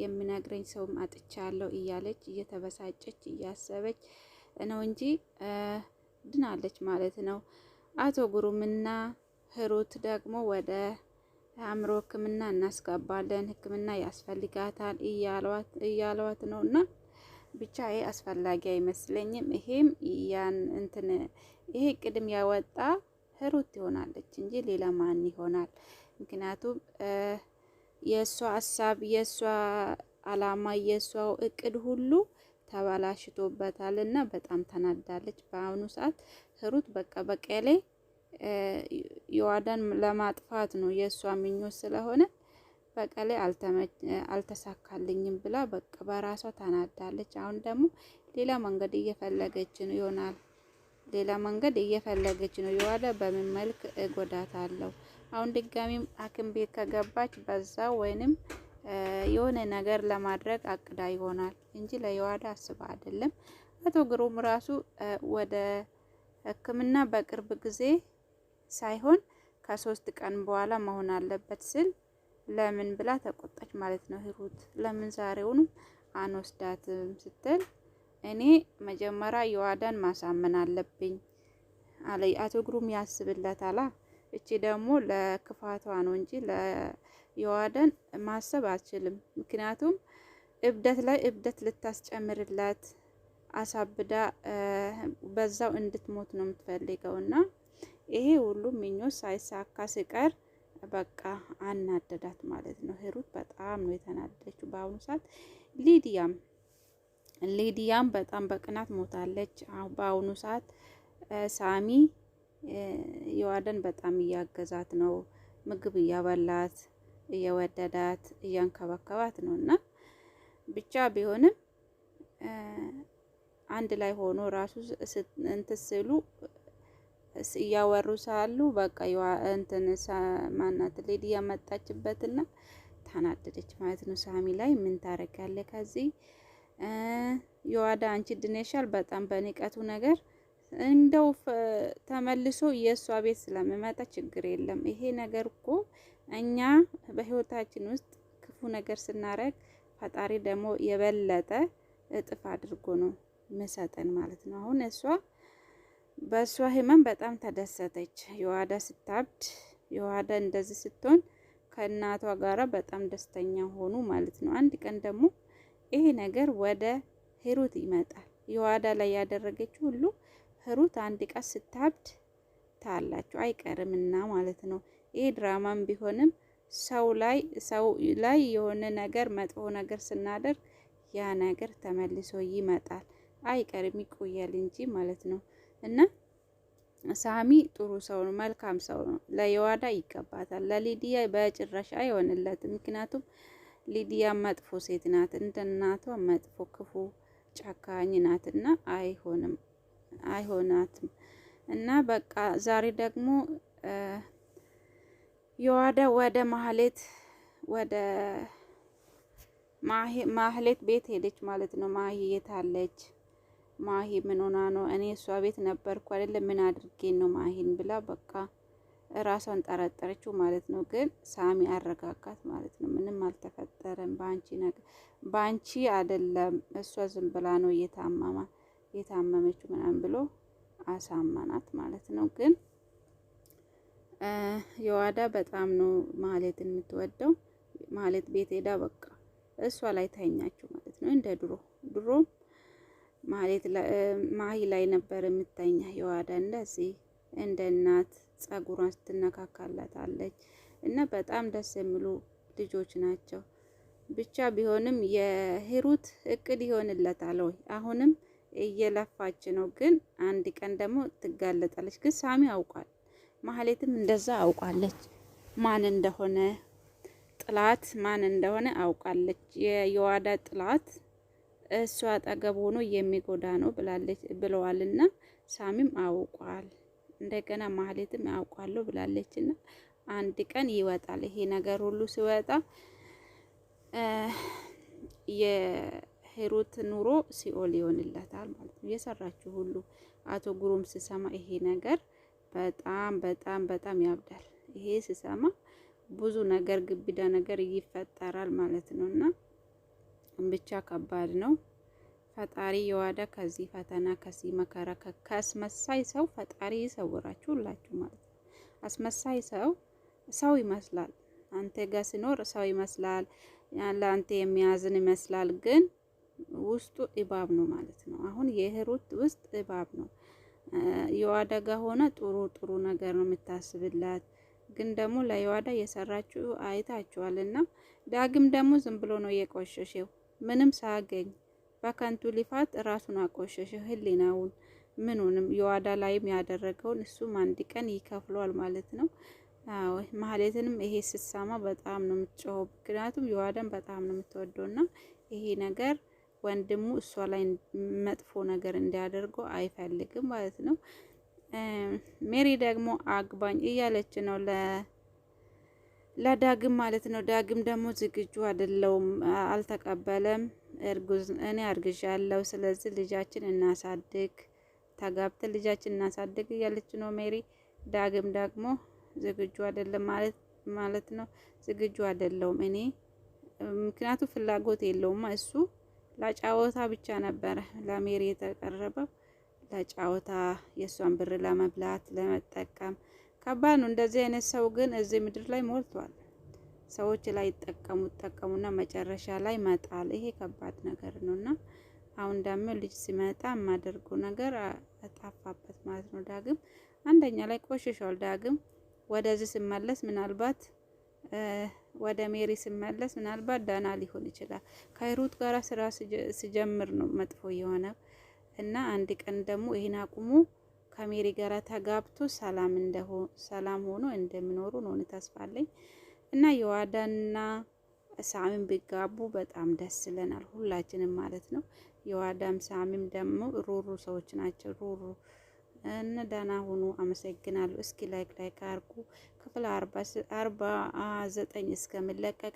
የሚነግረኝ ሰውም አጥቻለሁ እያለች እየተበሳጨች እያሰበች ነው እንጂ ድናለች ማለት ነው። አቶ ጉሩምና ህሩት ደግሞ ወደ አእምሮ ሕክምና እናስገባለን፣ ሕክምና ያስፈልጋታል እያሏት ነው እና ብቻ ይሄ አስፈላጊ አይመስለኝም። ይሄም ያን እንትን ይሄ ቅድም ያወጣ ህሩት ይሆናለች እንጂ ሌላ ማን ይሆናል? ምክንያቱም የእሷ ሀሳብ፣ የእሷ አላማ፣ የእሷ እቅድ ሁሉ ተበላሽቶበታል እና በጣም ተናዳለች። በአሁኑ ሰዓት ህሩት በቃ በቀሌ የዋዳን ለማጥፋት ነው የእሷ ምኞት ስለሆነ በቀሌ አልተሳካልኝም ብላ በቃ በራሷ ተናዳለች። አሁን ደግሞ ሌላ መንገድ እየፈለገች ነው ይሆናል ሌላ መንገድ እየፈለገች ነው። የዋዳ በምን መልክ እጎዳታለሁ አሁን ድጋሚ ሐኪም ቤት ከገባች በዛ ወይንም የሆነ ነገር ለማድረግ አቅዳ ይሆናል እንጂ ለየዋዳ አስባ አይደለም። አቶ ግሩም ራሱ ወደ ሕክምና በቅርብ ጊዜ ሳይሆን ከሶስት ቀን በኋላ መሆን አለበት ስል ለምን ብላ ተቆጣች ማለት ነው። ሂሩት ለምን ዛሬውንም አንወስዳትም ስትል እኔ መጀመሪያ የዋዳን ማሳመን አለብኝ አለ አቶ ግሩም ያስብለታላ እቺ ደግሞ ለክፋቷ ነው እንጂ የዋደን ማሰብ አልችልም። ምክንያቱም እብደት ላይ እብደት ልታስጨምርላት አሳብዳ በዛው እንድትሞት ነው የምትፈልገው እና ይሄ ሁሉ ምኞት ሳይሳካ ሲቀር በቃ አናደዳት ማለት ነው። ሄሩት በጣም ነው የተናደደችው በአሁኑ ሰዓት። ሊዲያም ሊዲያም በጣም በቅናት ሞታለች በአሁኑ ሰዓት ሳሚ የዋደን በጣም እያገዛት ነው። ምግብ እያበላት እየወደዳት እያንከባከባት ነው እና ብቻ ቢሆንም አንድ ላይ ሆኖ ራሱ እንትን ስሉ እያወሩ ሳሉ በቃ እንትን ማናት ሌዲ ያመጣችበትና ታናደደች ማለት ነው። ሳሚ ላይ ምን ታረጋለህ? ከዚህ የዋዳ አንቺ ድኔሻል በጣም በንቀቱ ነገር እንደው ተመልሶ የእሷ ቤት ስለምመጣ ችግር የለም። ይሄ ነገር እኮ እኛ በህይወታችን ውስጥ ክፉ ነገር ስናረግ ፈጣሪ ደግሞ የበለጠ እጥፍ አድርጎ ነው ምሰጠን ማለት ነው። አሁን እሷ በእሷ ህመም በጣም ተደሰተች። የዋዳ ስታብድ የዋዳ እንደዚህ ስትሆን ከእናቷ ጋራ በጣም ደስተኛ ሆኑ ማለት ነው። አንድ ቀን ደግሞ ይሄ ነገር ወደ ሂሩት ይመጣል። የዋዳ ላይ ያደረገችው ሁሉ ሩት አንድ ቀን ስታብድ ታላችሁ አይቀርም እና ማለት ነው። ይህ ድራማም ቢሆንም ሰው ላይ ሰው ላይ የሆነ ነገር መጥፎ ነገር ስናደርግ ያ ነገር ተመልሶ ይመጣል፣ አይቀርም፣ ይቆያል እንጂ ማለት ነው። እና ሳሚ ጥሩ ሰው ነው፣ መልካም ሰው ነው። ለየዋዳ ይገባታል፣ ለሊዲያ በጭራሽ አይሆንለትም። ምክንያቱም ሊዲያ መጥፎ ሴት ናት፣ እንደ እናቷ መጥፎ ክፉ ጨካኝ ናትና አይሆንም። አይሆናትም እና በቃ ዛሬ ደግሞ የዋደ ወደ ማህሌት ወደ ማህሌት ቤት ሄደች ማለት ነው። ማሂ የት አለች? ማሂ ምን ሆና ነው? እኔ እሷ ቤት ነበርኩ አይደለ? ምን አድርጌ ነው ማሂን ብላ በቃ ራሷን ጠረጠረችው ማለት ነው። ግን ሳሚ አረጋጋት ማለት ነው። ምንም አልተፈጠረም፣ በአንቺ ነገር በአንቺ አይደለም። እሷ ዝም ብላ ነው እየታመማል የታመመችው ምናምን ብሎ አሳመናት ማለት ነው። ግን የዋዳ በጣም ነው ማለት የምትወደው። ማለት ቤት ሄዳ በቃ እሷ ላይ ተኛችው ማለት ነው። እንደ ድሮ ድሮ ማለት ማሂ ላይ ነበር የምተኛ የዋዳ እንደዚህ እንደ እናት ጸጉሯን ስትነካካላታለች እና በጣም ደስ የሚሉ ልጆች ናቸው። ብቻ ቢሆንም የሂሩት እቅድ ይሆንለታል ወይ አሁንም እየለፋች ነው፣ ግን አንድ ቀን ደግሞ ትጋለጣለች። ግን ሳሚ አውቋል፣ ማህሌትም እንደዛ አውቃለች። ማን እንደሆነ ጥላት ማን እንደሆነ አውቃለች። የዋዳ ጥላት እሱ አጠገብ ሆኖ የሚጎዳ ነው ብላለች ብለዋልና ሳሚም አውቋል። እንደገና ማህሌትም አውቃለሁ ብላለችና አንድ ቀን ይወጣል። ይሄ ነገር ሁሉ ሲወጣ ሄሮት ኑሮ ሲኦል ይሆንለታል ማለት ነው። የሰራችሁ ሁሉ አቶ ጉሩም ስሰማ ይሄ ነገር በጣም በጣም በጣም ያብዳል። ይሄ ስሰማ ብዙ ነገር ግብዳ ነገር ይፈጠራል ማለት ነው። እና ብቻ ከባድ ነው። ፈጣሪ የዋዳ ከዚህ ፈተና ከዚህ መከራ ከአስመሳይ ሰው ፈጣሪ ይሰውራችሁ ሁላችሁ ማለት ነው። አስመሳይ ሰው ሰው ይመስላል። አንተ ጋር ሲኖር ሰው ይመስላል። ለአንተ የሚያዝን ይመስላል ግን ውስጡ እባብ ነው ማለት ነው። አሁን የህሩት ውስጥ እባብ ነው። የዋዳ ሆነ ጥሩ ጥሩ ነገር ነው የምታስብላት። ግን ደግሞ ለየዋዳ የሰራችው አይታችኋል። እና ዳግም ደግሞ ዝም ብሎ ነው የቆሸሸው ምንም ሳገኝ በከንቱ ሊፋት ራሱን አቆሸሸው ህሊናውን ምኑንም የዋዳ ላይም ያደረገውን እሱም አንድ ቀን ይከፍሏል ማለት ነው። አዎ ማህሌትንም ይሄ ስትሰማ በጣም ነው የምትጮኸው። ምክንያቱም የዋዳን በጣም ነው የምትወደውና ይሄ ነገር ወንድሙ እሷ ላይ መጥፎ ነገር እንዲያደርገው አይፈልግም ማለት ነው። ሜሪ ደግሞ አግባኝ እያለች ነው ለዳግም ማለት ነው። ዳግም ደግሞ ዝግጁ አይደለውም፣ አልተቀበለም። እርጉዝ እኔ አርግዣለሁ፣ ስለዚህ ልጃችን እናሳድግ፣ ተጋብተን ልጃችን እናሳድግ እያለች ነው ሜሪ። ዳግም ደግሞ ዝግጁ አይደለም ማለት ማለት ነው። ዝግጁ አይደለውም እኔ ምክንያቱም ፍላጎት የለውም እሱ ለጫወታ ብቻ ነበረ ለሜሪ የተቀረበው ለጫወታ የእሷን ብር ለመብላት ለመጠቀም ከባድ ነው። እንደዚህ አይነት ሰው ግን እዚህ ምድር ላይ ሞልቷል። ሰዎች ላይ ይጠቀሙ ይጠቀሙና መጨረሻ ላይ መጣል፣ ይሄ ከባድ ነገር ነው እና አሁን ደግሞ ልጅ ሲመጣ የማደርገው ነገር ጠፋበት ማለት ነው። ዳግም አንደኛ ላይ ቆሽሿል። ዳግም ወደዚህ ስመለስ ምናልባት ወደ ሜሪ ስመለስ ምናልባት ዳና ሊሆን ይችላል። ከሂሩት ጋር ስራ ስጀምር ነው መጥፎ የሆነ እና አንድ ቀን ደግሞ ይህን አቁሙ ከሜሪ ጋር ተጋብቶ ሰላም እንደሆ ሰላም ሆኖ እንደሚኖሩ ነው ተስፋ አለኝ እና የዋዳና ሳሚም ቢጋቡ በጣም ደስ ይለናል ሁላችንም ማለት ነው። የዋዳም ሳሚም ደግሞ ሩሩ ሰዎች ናቸው ሩሩ እነ ዳና ሁኑ። አመሰግናለሁ። እስኪ ላይክ ላይክ አርጉ። ክፍል አርባ ዘጠኝ እስከምለቀቅ